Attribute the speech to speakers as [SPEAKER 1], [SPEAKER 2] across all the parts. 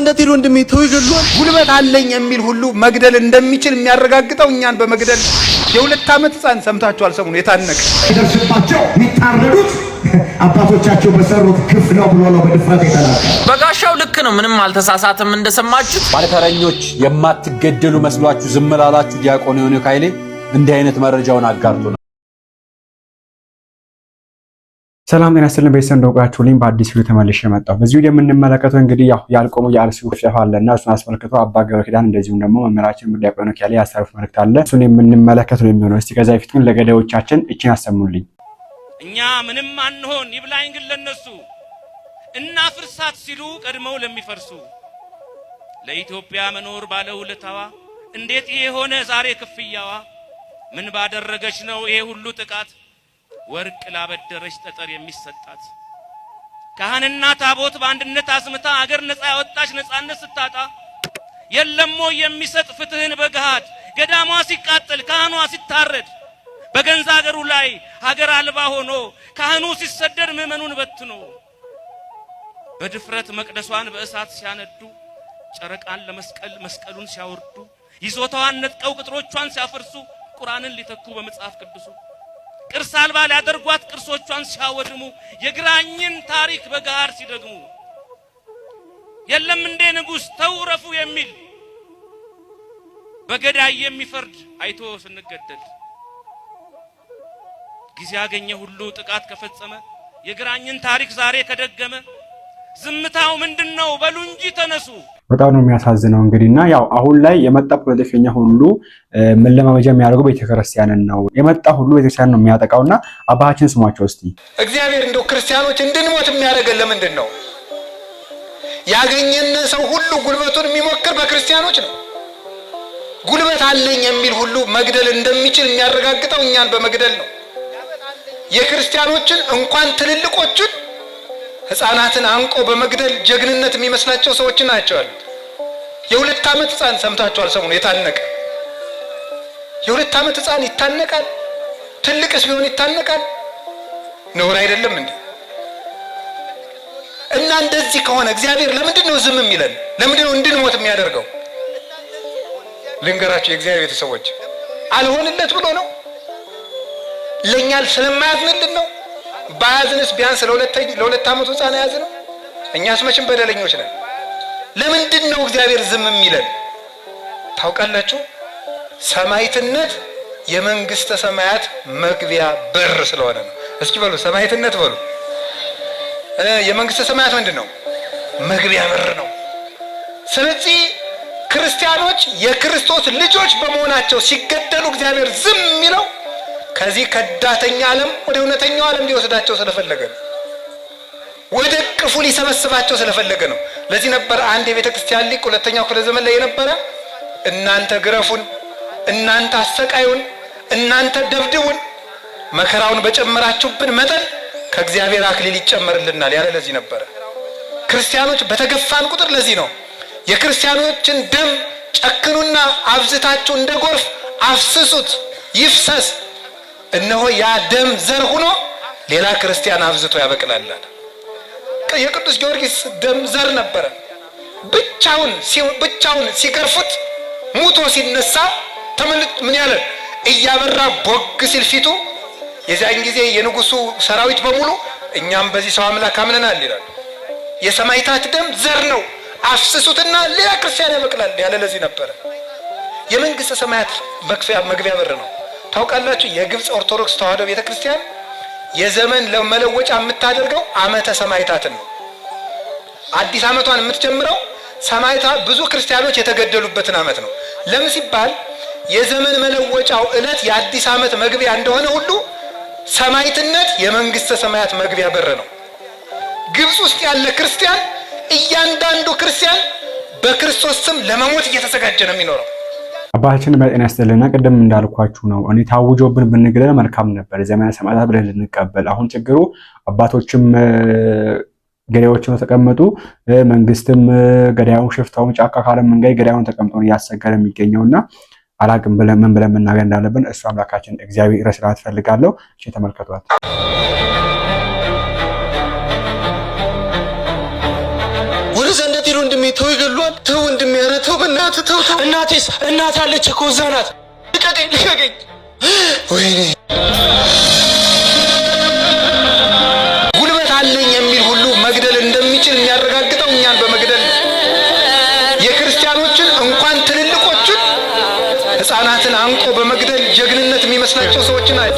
[SPEAKER 1] እንደት ሄዶ እንደሚተው ይገድሏል። ጉልበት አለኝ የሚል ሁሉ መግደል እንደሚችል የሚያረጋግጠው እኛን በመግደል የሁለት ዓመት ሕፃን ሰምታችኋል። ሰሙን የታነቀ
[SPEAKER 2] ይደርስባቸው የሚታረዱት አባቶቻቸው በሰሩት ክፍ ነው ብሎ ነው በድፍረት የተናገ
[SPEAKER 3] በጋሻው ልክ ነው። ምንም አልተሳሳትም። እንደሰማችሁ
[SPEAKER 4] ባለተረኞች የማትገደሉ መስሏችሁ ዝም ላላችሁ ዲያቆን ዮኒ ካይሌ እንዲህ አይነት መረጃውን አጋርቶ ሰላም ጤና ይስጥልን ቤተሰብ እንደውቃችሁ ልኝ በአዲስ ቪዲዮ ተመልሼ የመጣው በዚህ ቪዲዮ የምንመለከተው እንግዲህ ያው ያልቆሙ የአርሲ ጭፍጨፋ አለ እና እሱን አስመልክቶ አባ ገብረ ኪዳን እንደዚሁም ደግሞ መምህራችን ዲያቆን ያለ ያሳረፉት መልእክት አለ። እሱን የምንመለከት ነው የሚሆነው። እስቲ ከዛ በፊት ግን ለገዳዮቻችን እችን አሰሙልኝ።
[SPEAKER 5] እኛ ምንም አንሆን ይብላኝ ግን ለነሱ እና ፍርሳት ሲሉ ቀድመው ለሚፈርሱ ለኢትዮጵያ መኖር ባለ ውለታዋ እንዴት ይሄ ሆነ ዛሬ ክፍያዋ? ምን ባደረገች ነው ይሄ ሁሉ ጥቃት ወርቅ ላበደረች ጠጠር የሚሰጣት ካህንና ታቦት በአንድነት አስምታ አገር ነፃ ያወጣች ነፃነት ስታጣ የለሞ የሚሰጥ ፍትህን በገሃድ ገዳሟ ሲቃጠል ካህኗ ሲታረድ በገንዛ ሀገሩ ላይ ሀገር አልባ ሆኖ ካህኑ ሲሰደድ ምዕመኑን በትኖ በድፍረት መቅደሷን በእሳት ሲያነዱ ጨረቃን ለመስቀል መስቀሉን ሲያወርዱ ይዞታዋን ነጥቀው ቅጥሮቿን ሲያፈርሱ ቁርአንን ሊተኩ በመጽሐፍ ቅዱሱ ቅርስ አልባ ሊያደርጓት ቅርሶቿን ሲያወድሙ የግራኝን ታሪክ በጋር ሲደግሙ የለም እንዴ ንጉሥ ተውረፉ የሚል በገዳይ የሚፈርድ አይቶ ስንገደል ጊዜ ያገኘ ሁሉ ጥቃት ከፈጸመ የግራኝን ታሪክ ዛሬ ከደገመ ዝምታው ምንድነው? በሉ እንጂ ተነሱ።
[SPEAKER 4] በጣም ነው የሚያሳዝነው። እንግዲህ እና ያው አሁን ላይ የመጣ ፖለቲከኛ ሁሉ መለማመጃ የሚያደርገው ቤተክርስቲያንን ነው። የመጣ ሁሉ ቤተክርስቲያን ነው የሚያጠቃው። እና አባታችን ስሟቸው እስቲ።
[SPEAKER 1] እግዚአብሔር እንደው ክርስቲያኖች እንድንሞት የሚያደርገን ለምንድን ነው? ያገኘን ሰው ሁሉ ጉልበቱን የሚሞክር በክርስቲያኖች ነው። ጉልበት አለኝ የሚል ሁሉ መግደል እንደሚችል የሚያረጋግጠው እኛን በመግደል ነው። የክርስቲያኖችን እንኳን ትልልቆችን ህፃናትን አንቆ በመግደል ጀግንነት የሚመስላቸው ሰዎች ናቸው ያሉት። የሁለት ዓመት ህፃን ሰምታችኋል። ሰሞኑን የታነቀ የሁለት ዓመት ህፃን ይታነቃል። ትልቅስ ቢሆን ይታነቃል። ነውር አይደለም እንዴ? እና እንደዚህ ከሆነ እግዚአብሔር ለምንድን ነው ዝም የሚለን? ለምንድን ነው እንድንሞት የሚያደርገው? ልንገራቸው፣ የእግዚአብሔር ቤተሰቦች አልሆንለት ብሎ ነው ለእኛ ስለማያዝንልን ነው ባያዝንስ ቢያንስ ለሁለት ዓመቱ ህፃን የያዝ ነው። እኛስ መቼም በደለኞች ነን። ለምንድን ነው እግዚአብሔር ዝም የሚለን? ታውቃላችሁ? ሰማይትነት የመንግስተ ሰማያት መግቢያ በር ስለሆነ ነው። እስኪ በሉ ሰማይትነት በሉ። የመንግስተ ሰማያት ምንድን ነው? መግቢያ በር ነው። ስለዚህ ክርስቲያኖች የክርስቶስ ልጆች በመሆናቸው ሲገደሉ እግዚአብሔር ዝም የሚለው ከዚህ ከዳተኛ ዓለም ወደ እውነተኛው ዓለም ሊወስዳቸው ስለፈለገ ነው። ወደ ቅፉ ሊሰበስባቸው ስለፈለገ ነው። ለዚህ ነበር አንድ የቤተ ክርስቲያን ሊቅ ሁለተኛው ክፍለ ዘመን ላይ የነበረ እናንተ ግረፉን፣ እናንተ አሰቃዩን፣ እናንተ ደብድቡን፣ መከራውን በጨመራችሁብን መጠን ከእግዚአብሔር አክሊል ይጨመርልናል ያለ ለዚህ ነበረ። ክርስቲያኖች በተገፋን ቁጥር ለዚህ ነው የክርስቲያኖችን ደም ጨክኑና አብዝታችሁ እንደ ጎርፍ አፍስሱት ይፍሰስ እነሆ ያ ደም ዘር ሆኖ ሌላ ክርስቲያን አብዝቶ ያበቅላል። የቅዱስ ጊዮርጊስ ደም ዘር ነበረ። ብቻውን ብቻውን ሲገርፉት ሙቶ ሲነሳ ተመልጥ ምን ያለ እያበራ ቦግ ሲል ፊቱ የዚያን ጊዜ የንጉሱ ሰራዊት በሙሉ እኛም በዚህ ሰው አምላክ አምነናል ይላል። የሰማይታት ደም ዘር ነው፣ አፍስሱትና ሌላ ክርስቲያን ያበቅላል ያለ ለዚህ ነበረ። የመንግስተ ሰማያት መግቢያ በር ነው። ታውቃላችሁ፣ የግብፅ ኦርቶዶክስ ተዋህዶ ቤተክርስቲያን የዘመን መለወጫ የምታደርገው አመተ ሰማይታትን ነው። አዲስ ዓመቷን የምትጀምረው ሰማይታ ብዙ ክርስቲያኖች የተገደሉበትን አመት ነው። ለምን ሲባል የዘመን መለወጫው ዕለት የአዲስ ዓመት መግቢያ እንደሆነ ሁሉ ሰማይትነት የመንግስተ ሰማያት መግቢያ በር ነው። ግብፅ ውስጥ ያለ ክርስቲያን እያንዳንዱ ክርስቲያን በክርስቶስ ስም ለመሞት እየተዘጋጀ ነው የሚኖረው።
[SPEAKER 4] አባታችን በጤና ያስጥልና ቅድም እንዳልኳችሁ ነው። እኔ ታውጆብን ብንግለን መልካም ነበር ዘመነ ሰማዕታት ብለን ልንቀበል። አሁን ችግሩ አባቶችም ገዳዮች ነው ተቀመጡ። መንግስትም ገዳዩን፣ ሽፍታውን ጫካ ካለ መንገድ ገዳዩን ተቀምጦን እያሰገረ የሚገኘውና አላቅም ብለን ምን ብለን መናገር እንዳለብን እሱ አምላካችን እግዚአብሔር ይረስላት ፈልጋለሁ። እሺ ተመልከቷት።
[SPEAKER 5] እናቴስ እናት አለች እኮ እዛ ናት። ልቀቀኝ፣ ልቀቀኝ። ወይኔ
[SPEAKER 1] ጉልበት አለኝ የሚል ሁሉ መግደል እንደሚችል የሚያረጋግጠው እኛን በመግደል የክርስቲያኖችን እንኳን ትልልቆችን ሕፃናትን አንቆ በመግደል ጀግንነት የሚመስላቸው ሰዎችን አይ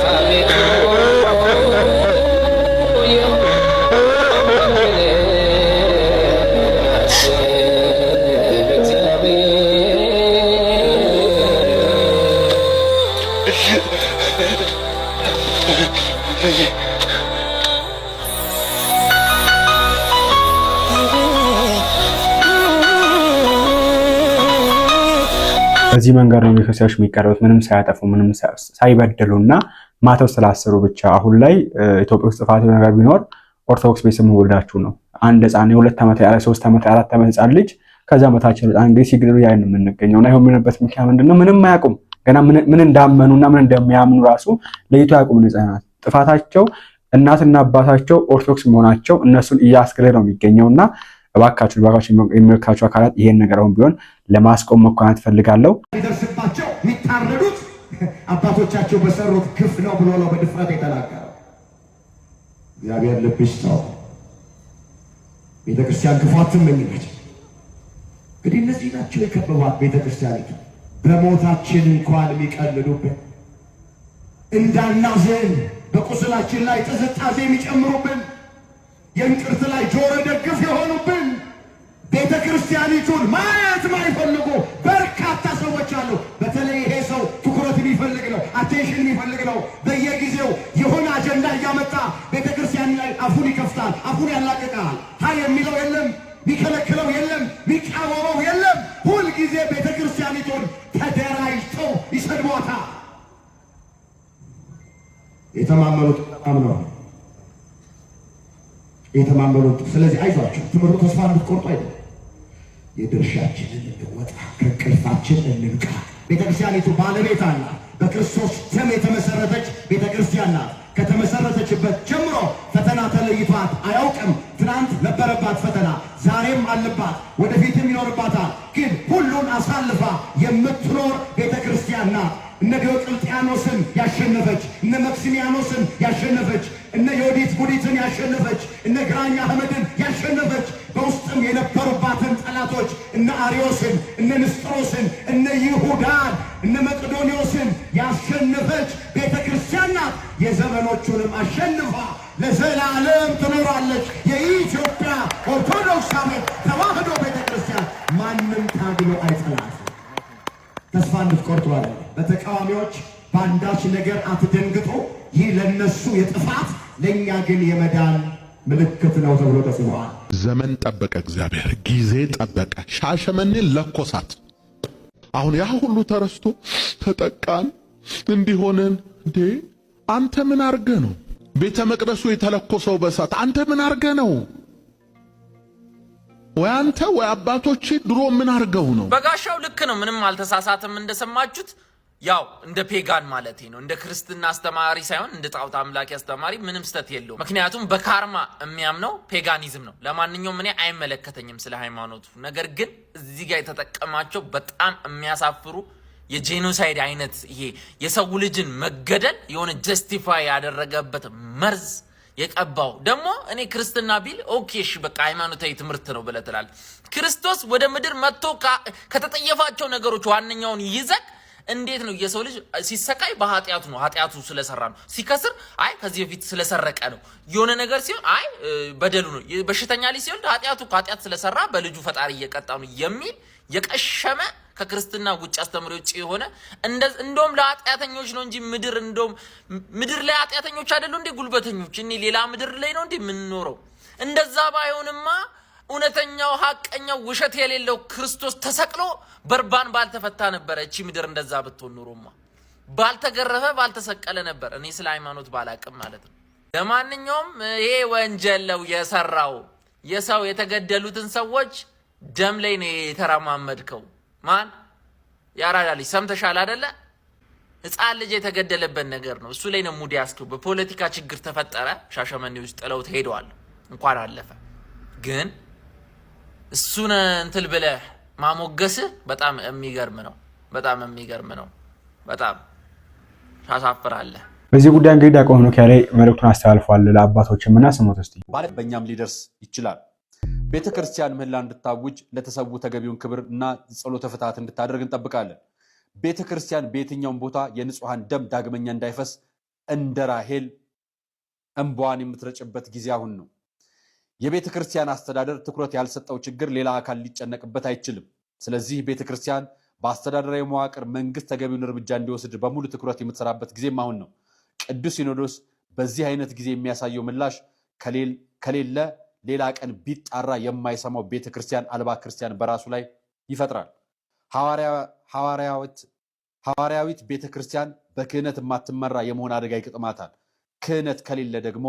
[SPEAKER 4] በዚህ መንገድ ነው ቤተሰቦች የሚቀርቡት ምንም ሳያጠፉ ምንም ሳይበድሉ እና ማተው ስላሰሩ ብቻ። አሁን ላይ ኢትዮጵያ ውስጥ ጥፋት ነገር ቢኖር ኦርቶዶክስ ቤተሰብ መወልዳችሁ ነው። አንድ ህፃን የሁለት ዓመት ያለ ሶስት ዓመት የአራት ዓመት ህፃን ልጅ ከዛ መታችን በጣም እንግዲህ ሲግድሉ ያን የምንገኘው እና የሆንበት ምንበት ምክንያት ምንድነው? ምንም አያውቁም ገና ምን እንዳመኑ እና ምን እንደሚያምኑ ራሱ ለይቶ አያውቁም። ህፃናት ጥፋታቸው እናትና አባታቸው ኦርቶዶክስ መሆናቸው እነሱን እያስገለ ነው የሚገኘው እና እባካችሁ እባካችሁ የሚመለከታችሁ አካላት ይሄን ነገር አሁን ቢሆን ለማስቆም መኳናት እፈልጋለሁ።
[SPEAKER 2] የሚደርስባቸው የሚታረዱት አባቶቻቸው በሰሩት ግፍ ነው ብሎ ነው በድፍረት የተናገረው። እግዚአብሔር ልብሽ ሰው ቤተክርስቲያን ክፋትም የሚመች እንግዲህ እነዚህ ናቸው የከበቧት ቤተክርስቲያን በሞታችን እንኳን የሚቀልዱብን እንዳናዘን በቁስላችን ላይ ጥዝጣዜ የሚጨምሩብን የእንቅርት ላይ ጆሮ ደግፍ የሆኑብን ቤተ ክርስቲያኒቱን ማየት ማይፈልጉ በርካታ ሰዎች አሉ። በተለይ ይሄ ሰው ትኩረት የሚፈልግ ነው፣ አቴንሽን የሚፈልግ ነው። በየጊዜው የሆነ አጀንዳ እያመጣ ቤተ ክርስቲያን ላይ አፉን ይከፍታል፣ አፉን ያላቅቃል። ሀይ የሚለው የለም፣ የሚከለክለው የለም፣ የሚቃወመው የለም። ሁልጊዜ ቤተ ክርስቲያኒቱን ተደራጅተው ይሰድቧታል። የተማመኑት ነው። የተማመኑት። ስለዚህ አይዟችሁ፣ ትምህርቱ ተስፋ እንድትቆርጡ አይደለም። የድርሻችንን እንወጣ፣ ከእንቅልፋችን እንንቃ። ቤተክርስቲያኒቱ ባለቤት አላት። በክርስቶስ ደም የተመሰረተች ቤተክርስቲያን ናት። ከተመሰረተችበት ጀምሮ ፈተና ተለይቷት አያውቅም። ትናንት ነበረባት ፈተና፣ ዛሬም አለባት፣ ወደፊትም ይኖርባታል። ግን ሁሉን አሳልፋ የምትኖር ቤተክርስቲያን ናት። እነ ዲዮቅልጥያኖስን ያሸነፈች፣ እነ መክሲሚያኖስን ያሸነፈች፣ እነ ዮዲት ጉዲትን ያሸነፈች፣ እነ ግራኝ አህመድን ያሸነፈች በውስጥም የነበሩባትን ጠላቶች እነ አሪዮስን፣ እነ ንስጥሮስን፣ እነ ይሁዳን፣ እነ መቅዶኒዎስን ያሸነፈች ቤተ ክርስቲያን ናት። የዘመኖቹንም አሸንፋ ለዘላለም ትኖራለች። የኢትዮጵያ ኦርቶዶክስ አሜን ተዋህዶ ቤተ ክርስቲያን ማንም ታግሎ አይጠላት። ተስፋ እንድትቆርጧለን በተቃዋሚዎች በአንዳች ነገር አትደንግጡ፣ ይህ ለነሱ የጥፋት ለእኛ ግን የመዳን ምልክት ነው ተብሎ ተጽፏል።
[SPEAKER 6] ዘመን ጠበቀ፣ እግዚአብሔር ጊዜ ጠበቀ። ሻሸመኔን ለኮሳት። አሁን ያ ሁሉ ተረስቶ ተጠቃን እንዲሆንን እንዴ! አንተ ምን አርገ ነው ቤተ መቅደሱ የተለኮሰው በእሳት? አንተ ምን አርገ ነው ወይ አንተ ወይ አባቶች ድሮ ምን አርገው ነው?
[SPEAKER 3] በጋሻው ልክ ነው፣ ምንም አልተሳሳትም። እንደሰማችሁት ያው እንደ ፔጋን ማለት ነው። እንደ ክርስትና አስተማሪ ሳይሆን እንደ ጣዖት አምላኪ አስተማሪ ምንም ስተት የለውም። ምክንያቱም በካርማ የሚያምነው ፔጋኒዝም ነው። ለማንኛውም እኔ አይመለከተኝም ስለ ሃይማኖቱ። ነገር ግን እዚህ ጋር የተጠቀማቸው በጣም የሚያሳፍሩ የጄኖሳይድ አይነት ይሄ የሰው ልጅን መገደል የሆነ ጀስቲፋይ ያደረገበት መርዝ የቀባው ደግሞ እኔ ክርስትና ቢል ኦኬ እሺ በቃ ሃይማኖታዊ ትምህርት ነው ብለህ ትላለህ። ክርስቶስ ወደ ምድር መጥቶ ከተጠየፋቸው ነገሮች ዋነኛውን ይዘህ እንዴት ነው የሰው ልጅ ሲሰቃይ? በኃጢአቱ ነው፣ ኃጢአቱ ስለሰራ ነው። ሲከስር አይ ከዚህ በፊት ስለሰረቀ ነው። የሆነ ነገር ሲሆን አይ በደሉ ነው። በሽተኛ ልጅ ሲሆን ኃጢአቱ ከኃጢአት ስለሰራ በልጁ ፈጣሪ እየቀጣ ነው የሚል የቀሸመ ከክርስትና ውጭ አስተምሮ ውጭ የሆነ እንደውም ለኃጢአተኞች ነው እንጂ ምድር እንደውም ምድር ላይ ኃጢአተኞች አይደሉ እንዴ ጉልበተኞች? እኔ ሌላ ምድር ላይ ነው እንዴ የምንኖረው? እንደዛ ባይሆንማ እውነተኛው ሀቀኛው ውሸት የሌለው ክርስቶስ ተሰቅሎ በርባን ባልተፈታ ነበረ እቺ ምድር። እንደዛ ብትሆን ኑሮማ ባልተገረፈ ባልተሰቀለ ነበር። እኔ ስለ ሃይማኖት ባላቅም ማለት ነው። ለማንኛውም ይሄ ወንጀል ነው የሰራው። የሰው የተገደሉትን ሰዎች ደም ላይ ነው የተረማመድከው። ማን ያራዳ ልጅ ሰምተሻል አደለ? ህፃን ልጅ የተገደለበት ነገር ነው። እሱ ላይ ነው ሙድ ያስኪው። በፖለቲካ ችግር ተፈጠረ። ሻሸመኔ ውስጥ ጥለውት ሄደዋል። እንኳን አለፈ ግን እሱን እንትል ብለህ ማሞገስህ በጣም የሚገርም ነው። በጣም የሚገርም ነው። በጣም ታሳፍራለህ።
[SPEAKER 4] በዚህ ጉዳይ እንግዲህ ዲያቆን ሄኖክ ያሬ መልእክቱን አስተላልፏል። ለአባቶችም እና ስሞት ስ ማለት በእኛም ሊደርስ ይችላል። ቤተ ክርስቲያን ምህላ እንድታውጅ ለተሰዉ ተገቢውን ክብር እና ጸሎተ ፍትሐት እንድታደርግ እንጠብቃለን። ቤተ ክርስቲያን በየትኛውም ቦታ የንጹሐን ደም ዳግመኛ እንዳይፈስ እንደ ራሄል እንባዋን የምትረጭበት ጊዜ አሁን ነው። የቤተ ክርስቲያን አስተዳደር ትኩረት ያልሰጠው ችግር ሌላ አካል ሊጨነቅበት አይችልም። ስለዚህ ቤተ ክርስቲያን በአስተዳደራዊ መዋቅር መንግስት ተገቢውን እርምጃ እንዲወስድ በሙሉ ትኩረት የምትሰራበት ጊዜም አሁን ነው። ቅዱስ ሲኖዶስ በዚህ አይነት ጊዜ የሚያሳየው ምላሽ ከሌለ ሌላ ቀን ቢጣራ የማይሰማው ቤተ ክርስቲያን አልባ ክርስቲያን በራሱ ላይ ይፈጥራል። ሐዋርያዊት ቤተ ክርስቲያን በክህነት የማትመራ የመሆን አደጋ ይገጥማታል። ክህነት ከሌለ ደግሞ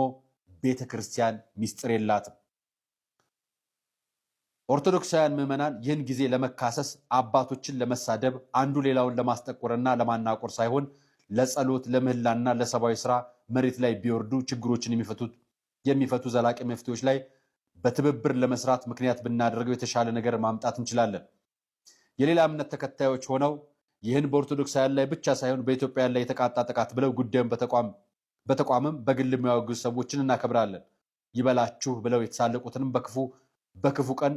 [SPEAKER 4] ቤተ ክርስቲያን ሚስጥር የላትም። ኦርቶዶክሳውያን ምዕመናን ይህን ጊዜ ለመካሰስ አባቶችን ለመሳደብ አንዱ ሌላውን ለማስጠቆርና ለማናቆር ሳይሆን ለጸሎት ለምህላና ለሰብአዊ ስራ መሬት ላይ ቢወርዱ ችግሮችን የሚፈቱት የሚፈቱ ዘላቂ መፍትሄዎች ላይ በትብብር ለመስራት ምክንያት ብናደርገው የተሻለ ነገር ማምጣት እንችላለን። የሌላ እምነት ተከታዮች ሆነው ይህን በኦርቶዶክሳውያን ላይ ብቻ ሳይሆን በኢትዮጵያውያን ላይ የተቃጣ ጥቃት ብለው ጉዳዩን በተቋምም በግል የሚያወግዙ ሰዎችን እናከብራለን። ይበላችሁ ብለው የተሳለቁትንም በክፉ በክፉ ቀን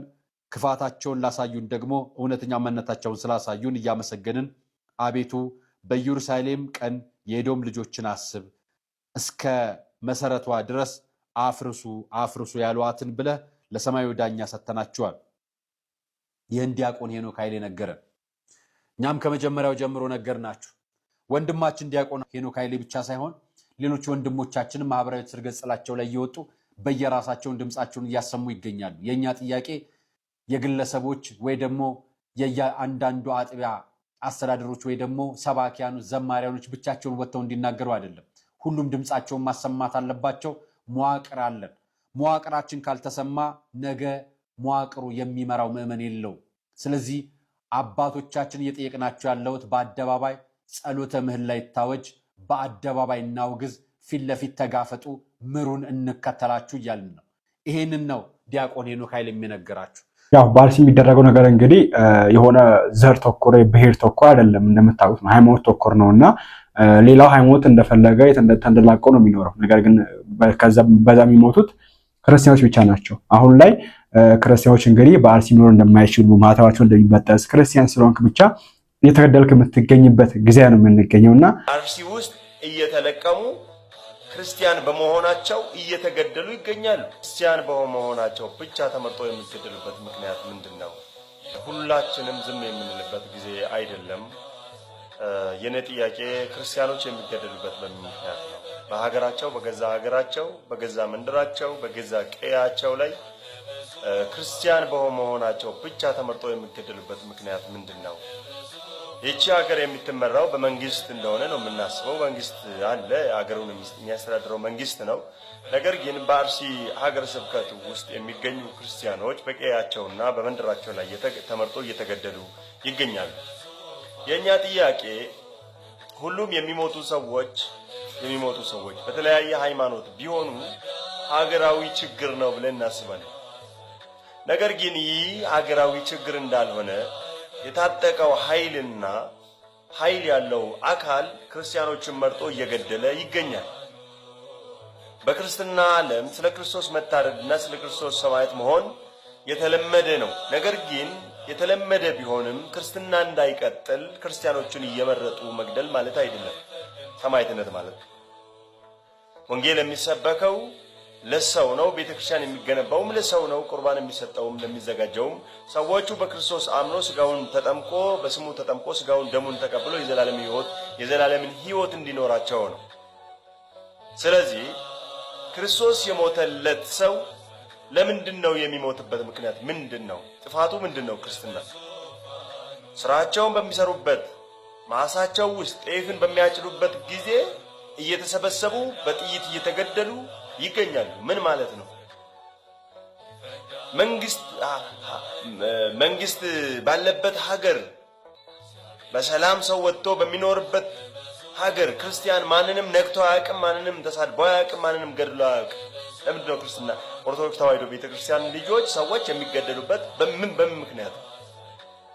[SPEAKER 4] ክፋታቸውን ላሳዩን ደግሞ እውነተኛ ማንነታቸውን ስላሳዩን እያመሰገንን አቤቱ በኢየሩሳሌም ቀን የኤዶም ልጆችን አስብ እስከ መሰረቷ ድረስ አፍርሱ አፍርሱ ያሏትን ብለ ለሰማዩ ዳኛ ሰተናቸዋል። ይህን ዲያቆን ሄኖክ ኃይሌ ነገረ። እኛም ከመጀመሪያው ጀምሮ ነገር ናችሁ። ወንድማችን ዲያቆን ሄኖክ ኃይሌ ብቻ ሳይሆን ሌሎች ወንድሞቻችንም ማህበራዊ ትስስር ገጻቸው ላይ እየወጡ በየራሳቸውን ድምፃቸውን እያሰሙ ይገኛሉ። የእኛ ጥያቄ የግለሰቦች ወይ ደግሞ የየአንዳንዱ አጥቢያ አስተዳደሮች ወይ ደግሞ ሰባኪያኑ ዘማሪያኖች ብቻቸውን ወጥተው እንዲናገሩ አይደለም። ሁሉም ድምፃቸውን ማሰማት አለባቸው። መዋቅር አለን። መዋቅራችን ካልተሰማ ነገ መዋቅሩ የሚመራው ምዕመን የለው። ስለዚህ አባቶቻችን እየጠየቅናቸው ያለሁት በአደባባይ ጸሎተ ምህላ ይታወጅ፣ በአደባባይ እናውግዝ፣ ፊት ለፊት ተጋፈጡ፣ ምሩን እንከተላችሁ እያልን ነው። ይሄንን ነው ዲያቆን ሄኖክ ኃይል የሚነግራችሁ። ያው በአርሲ የሚደረገው ነገር እንግዲህ የሆነ ዘር ተኮር ብሄር ተኮር አይደለም፣ እንደምታውቁት ነው። ሃይማኖት ተኮር ነው እና ሌላው ሃይማኖት እንደፈለገ ተንደላቀው ነው የሚኖረው። ነገር ግን በዛ የሚሞቱት ክርስቲያኖች ብቻ ናቸው። አሁን ላይ ክርስቲያኖች እንግዲህ በአርሲ መኖር እንደማይችሉ ማህተባቸው እንደሚበጠስ ክርስቲያን ስለሆንክ ብቻ እየተገደልክ የምትገኝበት ጊዜ ነው የምንገኘው እና
[SPEAKER 2] አርሲ ውስጥ እየተለቀሙ ክርስቲያን በመሆናቸው እየተገደሉ ይገኛሉ። ክርስቲያን በመሆናቸው ብቻ ተመርጦ የሚገደሉበት ምክንያት ምንድን ነው? ሁላችንም ዝም የምንልበት ጊዜ አይደለም። የእኔ ጥያቄ ክርስቲያኖች የሚገደሉበት በምን ምክንያት ነው? በሀገራቸው፣ በገዛ ሀገራቸው፣ በገዛ መንደራቸው፣ በገዛ ቀያቸው ላይ ክርስቲያን በመሆናቸው ብቻ ተመርጦ የሚገደሉበት ምክንያት ምንድን ነው? ይቺ ሀገር የምትመራው በመንግስት እንደሆነ ነው የምናስበው። መንግስት አለ፣ ሀገሩን የሚያስተዳድረው መንግስት ነው። ነገር ግን በአርሲ ሀገረ ስብከት ውስጥ የሚገኙ ክርስቲያኖች በቀያቸውና በመንደራቸው ላይ ተመርጦ እየተገደሉ ይገኛሉ። የእኛ ጥያቄ ሁሉም የሚሞቱ ሰዎች የሚሞቱ ሰዎች በተለያየ ሃይማኖት ቢሆኑ ሀገራዊ ችግር ነው ብለን እናስባለን። ነገር ግን ይህ ሀገራዊ ችግር እንዳልሆነ የታጠቀው ኃይልና ኃይል ያለው አካል ክርስቲያኖችን መርጦ እየገደለ ይገኛል። በክርስትና ዓለም ስለ ክርስቶስ መታረድና ስለ ክርስቶስ ሰማዕት መሆን የተለመደ ነው። ነገር ግን የተለመደ ቢሆንም ክርስትና እንዳይቀጥል ክርስቲያኖችን እየመረጡ መግደል ማለት አይደለም ሰማዕትነት ማለት ወንጌል የሚሰበከው ለሰው ነው። ቤተክርስቲያን የሚገነባውም ለሰው ነው። ቁርባን የሚሰጠውም ለሚዘጋጀውም ሰዎቹ በክርስቶስ አምኖ ስጋውን ተጠምቆ በስሙ ተጠምቆ ስጋውን ደሙን ተቀብሎ የዘላለም ህይወት የዘላለምን ህይወት እንዲኖራቸው ነው። ስለዚህ ክርስቶስ የሞተለት ሰው ለምንድን ነው የሚሞትበት ምክንያት ምንድን ነው? ጥፋቱ ምንድን ነው? ክርስትና ስራቸውን በሚሰሩበት ማሳቸው ውስጥ ጤፍን በሚያጭዱበት ጊዜ እየተሰበሰቡ በጥይት እየተገደሉ ይገኛሉ። ምን ማለት ነው? መንግስት መንግስት ባለበት ሀገር በሰላም ሰው ወጥቶ በሚኖርበት ሀገር ክርስቲያን ማንንም ነክቶ አያውቅም፣ ማንንም ተሳድቦ አያውቅም፣ ማንንም ገድሎ አያውቅም። ለምንድን ነው ክርስትና ኦርቶዶክስ ተዋሕዶ ቤተክርስቲያን ልጆች ሰዎች የሚገደሉበት? በምን በምን ምክንያት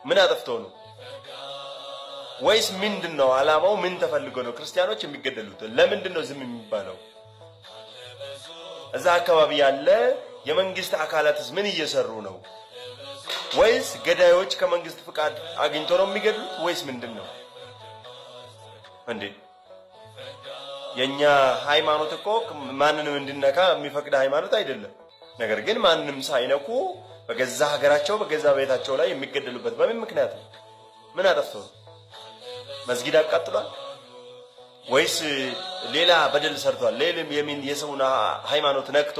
[SPEAKER 2] ምን አጥፍተው ነው ወይስ ምንድን ነው ዓላማው? ምን ተፈልጎ ነው ክርስቲያኖች የሚገደሉት? ለምንድን ነው ዝም የሚባለው? እዛ አካባቢ ያለ የመንግስት አካላትስ ምን እየሰሩ ነው? ወይስ ገዳዮች ከመንግስት ፍቃድ አግኝቶ ነው የሚገድሉት ወይስ ምንድን ነው እንዴ? የእኛ ሃይማኖት እኮ ማንንም እንድነካ የሚፈቅድ ሃይማኖት አይደለም። ነገር ግን ማንንም ሳይነኩ በገዛ ሀገራቸው በገዛ ቤታቸው ላይ የሚገደሉበት በምን ምክንያት ነው? ምን አጠፍቶ ነው? መስጊድ አቃጥሏል። ወይስ ሌላ በደል ሰርቷል? ሌልም የሚን የሰውን ሃይማኖት ነክቶ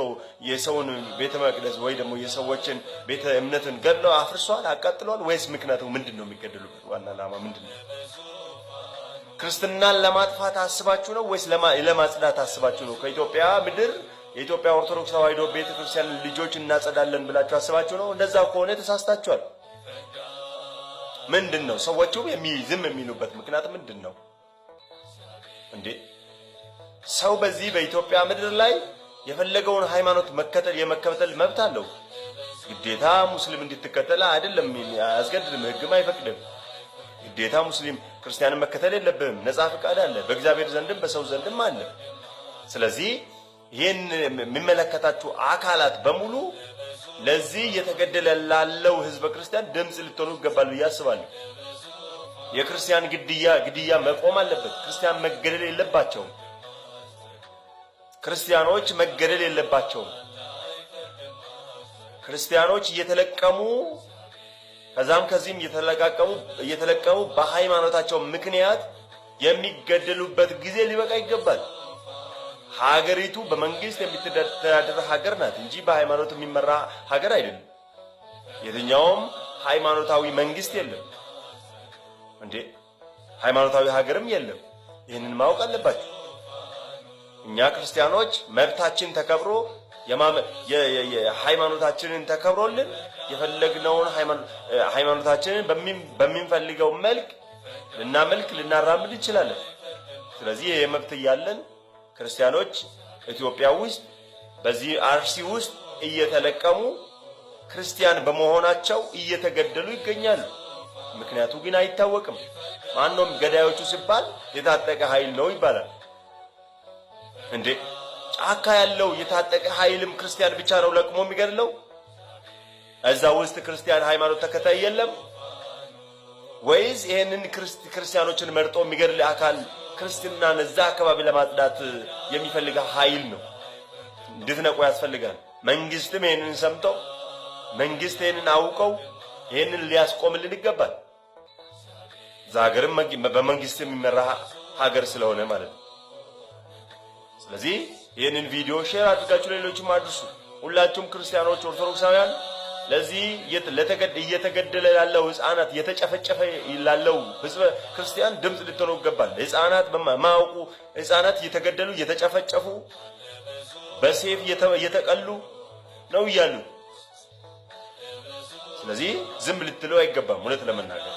[SPEAKER 2] የሰውን ቤተ መቅደስ ወይ ደግሞ የሰዎችን ቤተ እምነትን ገድለው አፍርሷል፣ አቃጥሏል? ወይስ ምክንያቱ ምንድን ነው? የሚገደሉበት ዋና ዓላማ ምንድን ነው? ክርስትናን ለማጥፋት አስባችሁ ነው ወይስ ለማጽዳት አስባችሁ ነው? ከኢትዮጵያ ምድር የኢትዮጵያ ኦርቶዶክስ ተዋሕዶ ክርስቲያን ልጆች እናጸዳለን ብላችሁ አስባችሁ ነው? እንደዛ ከሆነ ተሳስታችኋል። ምንድን ነው ሰዎቹም ዝም የሚሉበት ምክንያት ምንድን ነው? እንዴ ሰው በዚህ በኢትዮጵያ ምድር ላይ የፈለገውን ሃይማኖት መከተል የመከተል መብት አለው። ግዴታ ሙስሊም እንድትከተል አይደለም አያስገድድም፣ ህግም አይፈቅድም። ግዴታ ሙስሊም ክርስቲያንን መከተል የለብህም። ነጻ ፍቃድ አለ፣ በእግዚአብሔር ዘንድም በሰው ዘንድም አለ። ስለዚህ ይህን የሚመለከታችሁ አካላት በሙሉ ለዚህ እየተገደለ ላለው ህዝበ ክርስቲያን ድምፅ ልትሆኑ ይገባል ብዬ አስባለሁ። የክርስቲያን ግድያ ግድያ መቆም አለበት። ክርስቲያን መገደል የለባቸውም። ክርስቲያኖች መገደል የለባቸውም። ክርስቲያኖች እየተለቀሙ ከዛም ከዚህም እየተለቃቀሙ እየተለቀሙ በሃይማኖታቸው ምክንያት የሚገደሉበት ጊዜ ሊበቃ ይገባል። ሀገሪቱ በመንግስት የምትተዳደር ሀገር ናት እንጂ በሃይማኖት የሚመራ ሀገር አይደለም። የትኛውም ሃይማኖታዊ መንግስት የለም። እንዴ ሃይማኖታዊ ሀገርም የለም። ይህንን ማወቅ አለባችሁ። እኛ ክርስቲያኖች መብታችን ተከብሮ ሃይማኖታችንን ተከብሮልን የፈለግነውን ሃይማኖታችንን በሚንፈልገው መልክ ልናመልክ ልናራምድ እንችላለን። ስለዚህ ይህ መብት እያለን ክርስቲያኖች ኢትዮጵያ ውስጥ በዚህ አርሲ ውስጥ እየተለቀሙ ክርስቲያን በመሆናቸው እየተገደሉ ይገኛሉ። ምክንያቱ ግን አይታወቅም። ማነውም ገዳዮቹ ሲባል የታጠቀ ኃይል ነው ይባላል። እንዴ ጫካ ያለው የታጠቀ ኃይልም ክርስቲያን ብቻ ነው ለቅሞ የሚገድለው? እዛ ውስጥ ክርስቲያን ሃይማኖት ተከታይ የለም ወይስ ይህንን ክርስቲያኖችን መርጦ የሚገድል አካል ክርስትናን እዛ አካባቢ ለማጽዳት የሚፈልግ ኃይል ነው? እንድትነቁ ያስፈልጋል። መንግስትም ይህንን ሰምተው መንግስት ይህንን አውቀው ይህንን ሊያስቆምልን ይገባል። ሀገርም በመንግስት የሚመራ ሀገር ስለሆነ ማለት ነው። ስለዚህ ይህንን ቪዲዮ ሼር አድርጋችሁ ሌሎችም አድርሱ። ሁላችሁም ክርስቲያኖች፣ ኦርቶዶክሳውያን ለዚህ እየተገደለ ላለው ህፃናት እየተጨፈጨፈ ላለው ህዝበ ክርስቲያን ድምፅ ልትሆኑ ይገባል። ህፃናት ማያውቁ ህፃናት እየተገደሉ እየተጨፈጨፉ በሴፍ እየተቀሉ ነው እያሉ። ስለዚህ ዝም ልትለው አይገባም እውነት ለመናገር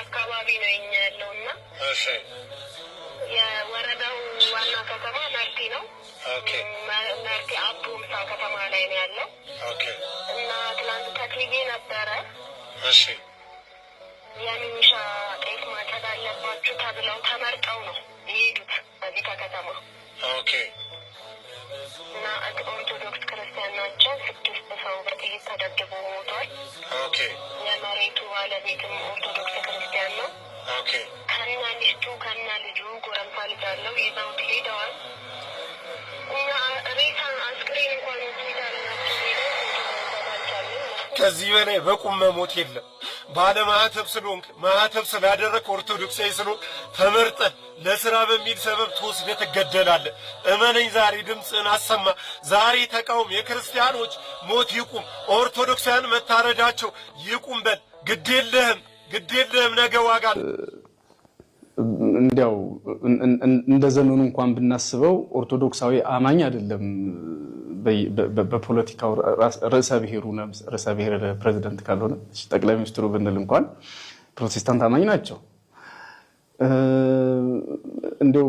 [SPEAKER 7] አካባቢ ነው የኛ ያለው እና የወረዳው ዋና ከተማ መርቲ ነው። መርቲ ምሳ ከተማ ላይ ነው ያለው እና ትላንት ተክልዬ ነበረ የሚኒሻ ጤፍ ማጨድ አለባችሁ ተብለው ተመርጠው ነው የሄዱት በዚህ ከከተማ እና ኦርቶዶክስ ክርስቲያን ናቸው። ስድስት ሰው በጥይት ተደብድቦ ሞቷል። የመሬቱ ባለቤትም ኦርቶዶክስ ክርስቲያን ነው። ከና ሚስቱ ከና ልጁ ጎረምሳ ልጅ አለው። ይዘውት ሄደዋል። ሬሳ አስክሬን እንኳን
[SPEAKER 8] ከዚህ በላይ በቁም መሞት የለም። ባለ ማህተብ ስለሆንክ ማህተብ ስላደረግ ኦርቶዶክሳዊ ስለሆንክ ተመርጠህ ለስራ በሚል ሰበብ ተወስደህ ትገደላለህ። እመነኝ፣ ዛሬ ድምፅን አሰማ። ዛሬ ተቃውም። የክርስቲያኖች ሞት ይቁም። ኦርቶዶክሳውያን መታረዳቸው ይቁም። በል ግድ የለህም፣ ግድ የለህም። ነገ ዋጋ
[SPEAKER 9] እንዲያው እንደ ዘመኑ እንኳን ብናስበው ኦርቶዶክሳዊ አማኝ አይደለም። በፖለቲካው ርዕሰ ብሔሩ ርዕሰ ብሔር ፕሬዚደንት ካልሆነ ጠቅላይ ሚኒስትሩ ብንል እንኳን ፕሮቴስታንት አማኝ ናቸው። እንደው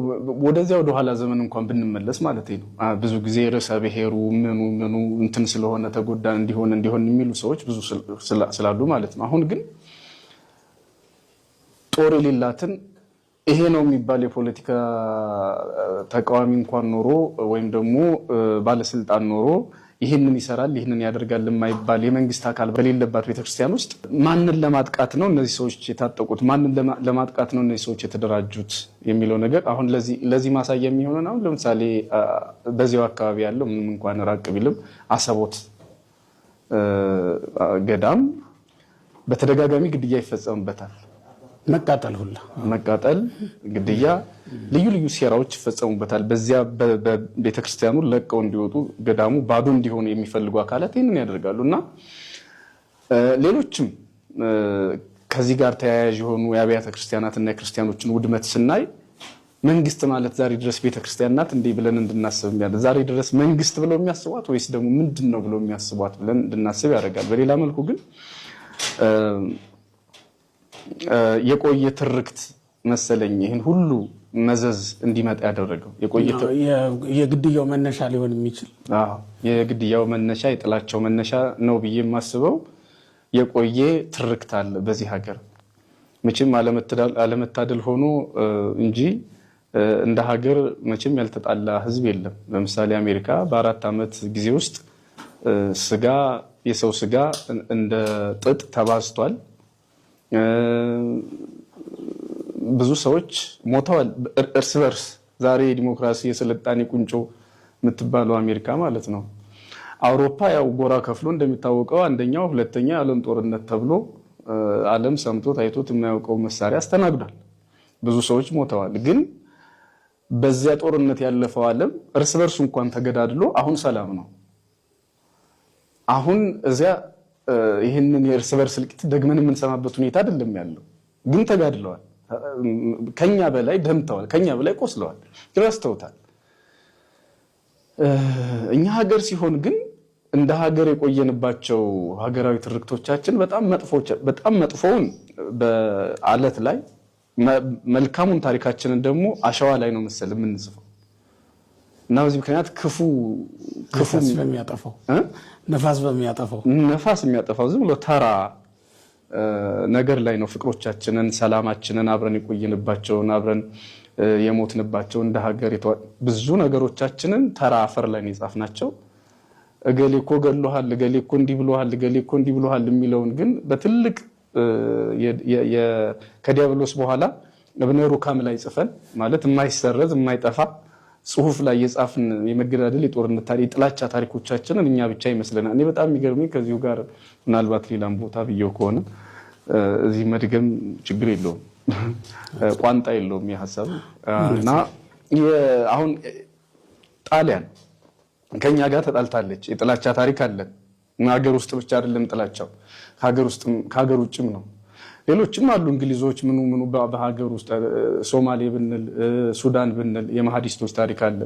[SPEAKER 9] ወደዚያ ወደኋላ ዘመን እንኳን ብንመለስ ማለት ነው። ብዙ ጊዜ ርዕሰ ብሔሩ ምኑ ምኑ እንትን ስለሆነ ተጎዳ እንዲሆን እንዲሆን የሚሉ ሰዎች ብዙ ስላሉ ማለት ነው። አሁን ግን ጦር የሌላትን ይሄ ነው የሚባል የፖለቲካ ተቃዋሚ እንኳን ኖሮ ወይም ደግሞ ባለስልጣን ኖሮ ይህንን ይሰራል፣ ይህንን ያደርጋል የማይባል የመንግስት አካል በሌለባት ቤተክርስቲያን ውስጥ ማንን ለማጥቃት ነው እነዚህ ሰዎች የታጠቁት? ማንን ለማጥቃት ነው እነዚህ ሰዎች የተደራጁት የሚለው ነገር አሁን ለዚህ ማሳያ የሚሆነን አሁን ለምሳሌ በዚያው አካባቢ ያለው ምንም እንኳን ራቅ ቢልም አሰቦት ገዳም በተደጋጋሚ ግድያ ይፈጸምበታል። መቃጠል ሁላ መቃጠል፣ ግድያ፣ ልዩ ልዩ ሴራዎች ይፈጸሙበታል። በዚያ ቤተክርስቲያኑ ለቀው እንዲወጡ ገዳሙ ባዶ እንዲሆን የሚፈልጉ አካላት ይህንን ያደርጋሉ እና ሌሎችም ከዚህ ጋር ተያያዥ የሆኑ የአብያተ ክርስቲያናትና የክርስቲያኖችን ውድመት ስናይ መንግስት ማለት ዛሬ ድረስ ቤተክርስቲያን ናት እንዲህ ብለን እንድናስብ ያለ ዛሬ ድረስ መንግስት ብለው የሚያስቧት ወይስ ደግሞ ምንድን ነው ብለው የሚያስቧት ብለን እንድናስብ ያደርጋል። በሌላ መልኩ ግን የቆየ ትርክት መሰለኝ ይህን ሁሉ መዘዝ እንዲመጣ ያደረገው
[SPEAKER 10] የግድያው መነሻ ሊሆን የሚችል የግድያው መነሻ የጥላቸው መነሻ ነው ብዬ የማስበው የቆየ ትርክት አለ በዚህ ሀገር። መቼም አለመታደል ሆኖ እንጂ እንደ ሀገር መቼም ያልተጣላ ሕዝብ የለም። ለምሳሌ አሜሪካ በአራት ዓመት ጊዜ ውስጥ ስጋ የሰው ስጋ እንደ ጥጥ ተባዝቷል። ብዙ ሰዎች ሞተዋል እርስ በርስ። ዛሬ የዲሞክራሲ የስልጣኔ ቁንጮ የምትባለው አሜሪካ ማለት ነው። አውሮፓ ያው ጎራ ከፍሎ እንደሚታወቀው አንደኛው ሁለተኛ የዓለም ጦርነት ተብሎ ዓለም ሰምቶ ታይቶት የማያውቀው መሳሪያ አስተናግዷል። ብዙ ሰዎች ሞተዋል። ግን በዚያ ጦርነት ያለፈው ዓለም እርስ በርሱ እንኳን ተገዳድሎ አሁን ሰላም ነው። አሁን እዚያ ይህንን የእርስ በርስ እልቂት ደግመን የምንሰማበት ሁኔታ አይደለም ያለው። ግን ተጋድለዋል፣ ከኛ በላይ ደምተዋል፣ ከኛ በላይ ቆስለዋል፣ ረስተውታል። እኛ ሀገር ሲሆን ግን እንደ ሀገር የቆየንባቸው ሀገራዊ ትርክቶቻችን በጣም መጥፎውን በአለት ላይ መልካሙን ታሪካችንን ደግሞ አሸዋ ላይ ነው መሰል የምንጽፈው። እና በዚህ ምክንያት ክፉ ክፉ በሚያጠፋው ነፋስ በሚያጠፋው ነፋስ የሚያጠፋው ዝም ብሎ ተራ ነገር ላይ ነው ፍቅሮቻችንን፣ ሰላማችንን፣ አብረን የቆይንባቸውን አብረን የሞትንባቸው እንደ ሀገር ብዙ ነገሮቻችንን ተራ አፈር ላይ የጻፍናቸው እገሌ እኮ ገሎሃል፣ እገሌ እኮ እንዲህ ብሎሃል፣ እገሌ እኮ እንዲህ ብሎሃል የሚለውን ግን በትልቅ ከዲያብሎስ በኋላ እብነ ሩካም ላይ ጽፈን ማለት የማይሰረዝ የማይጠፋ ጽሁፍ ላይ የጻፍን የመገዳደል የጦርነት ታሪክ የጥላቻ ታሪኮቻችንን እኛ ብቻ ይመስለናል። እኔ በጣም የሚገርመኝ ከዚሁ ጋር ምናልባት ሌላም ቦታ ብየው ከሆነ እዚህ መድገም ችግር የለውም ቋንጣ የለውም የሀሳብ እና አሁን ጣሊያን ከኛ ጋር ተጣልታለች። የጥላቻ ታሪክ አለን። ሀገር ውስጥ ብቻ አይደለም ጥላቻው ከሀገር ውጭም ነው ሌሎችም አሉ እንግሊዞች ምኑ ምኑ በሀገር ውስጥ ሶማሌ ብንል ሱዳን ብንል የመሀዲስቶች ታሪክ አለ።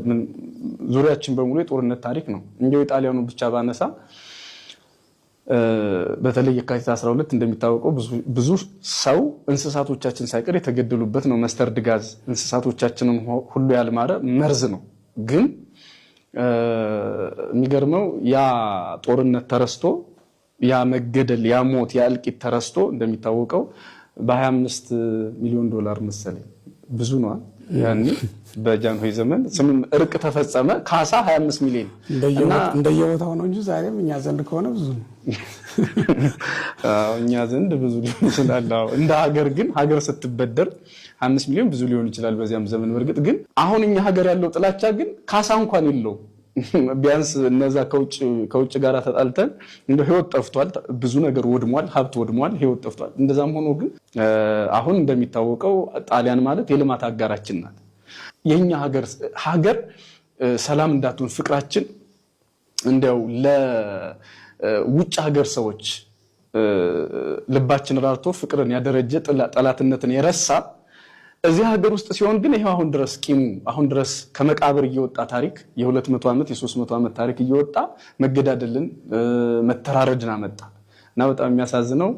[SPEAKER 10] ዙሪያችን በሙሉ የጦርነት ታሪክ ነው። እንዲያው የጣሊያኑ ብቻ ባነሳ በተለይ የካቲት 12 እንደሚታወቀው ብዙ ሰው እንስሳቶቻችን ሳይቀር የተገደሉበት ነው። መስተርድ ጋዝ እንስሳቶቻችንም ሁሉ ያልማረ መርዝ ነው። ግን የሚገርመው ያ ጦርነት ተረስቶ ያ መገደል ያ ሞት ያ እልቂት ተረስቶ እንደሚታወቀው በ25 ሚሊዮን ዶላር መሰለኝ ብዙ ነዋ። ያኔ በጃንሆይ ዘመን ስምም እርቅ ተፈጸመ። ካሳ 25 ሚሊዮን እንደየቦታው ነው እንጂ ዛሬም እኛ ዘንድ ከሆነ ብዙ ነው። እኛ ዘንድ ብዙ ሊሆን ይችላል። እንደ ሀገር ግን ሀገር ስትበደር አምስት ሚሊዮን ብዙ ሊሆን ይችላል በዚያም ዘመን። በእርግጥ ግን አሁን እኛ ሀገር ያለው ጥላቻ ግን ካሳ እንኳን የለውም። ቢያንስ እነዛ ከውጭ ጋር ተጣልተን እንደ ህይወት ጠፍቷል፣ ብዙ ነገር ወድሟል፣ ሀብት ወድሟል፣ ህይወት ጠፍቷል። እንደዛም ሆኖ ግን አሁን እንደሚታወቀው ጣሊያን ማለት የልማት አጋራችን ናት። የኛ ሀገር ሀገር ሰላም እንዳትሆን ፍቅራችን እንዲያው ለውጭ ሀገር ሰዎች ልባችን ራርቶ ፍቅርን ያደረጀ ጠላትነትን የረሳ እዚህ ሀገር ውስጥ ሲሆን ግን ይሄው አሁን ድረስ ቂሙ አሁን ድረስ ከመቃብር እየወጣ ታሪክ የ200 ዓመት የ300 ዓመት ታሪክ እየወጣ መገዳደልን መተራረድን አመጣ እና በጣም የሚያሳዝነው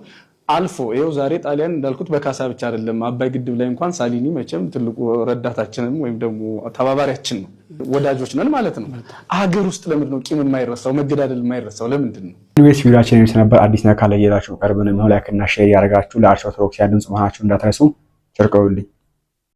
[SPEAKER 10] አልፎ ይኸው ዛሬ ጣሊያን እንዳልኩት በካሳ ብቻ አይደለም አባይ ግድብ ላይ እንኳን ሳሊኒ መቼም ትልቁ ረዳታችንም ወይም ደግሞ ተባባሪያችን ነው፣ ወዳጆች ነን ማለት ነው። አገር ውስጥ ለምንድን ነው ቂም የማይረሳው መገዳደል የማይረሳው ለምንድን ነው? ዩኤስ ቪዲዮችን ነበር አዲስ ነካ ላይ የላችሁ ቀርብን ላይክና ሼር ያደርጋችሁ ለአርሲ ኦርቶዶክሲያን ድምፅ መሆናችሁ እንዳትረሱ ጭርቀውልኝ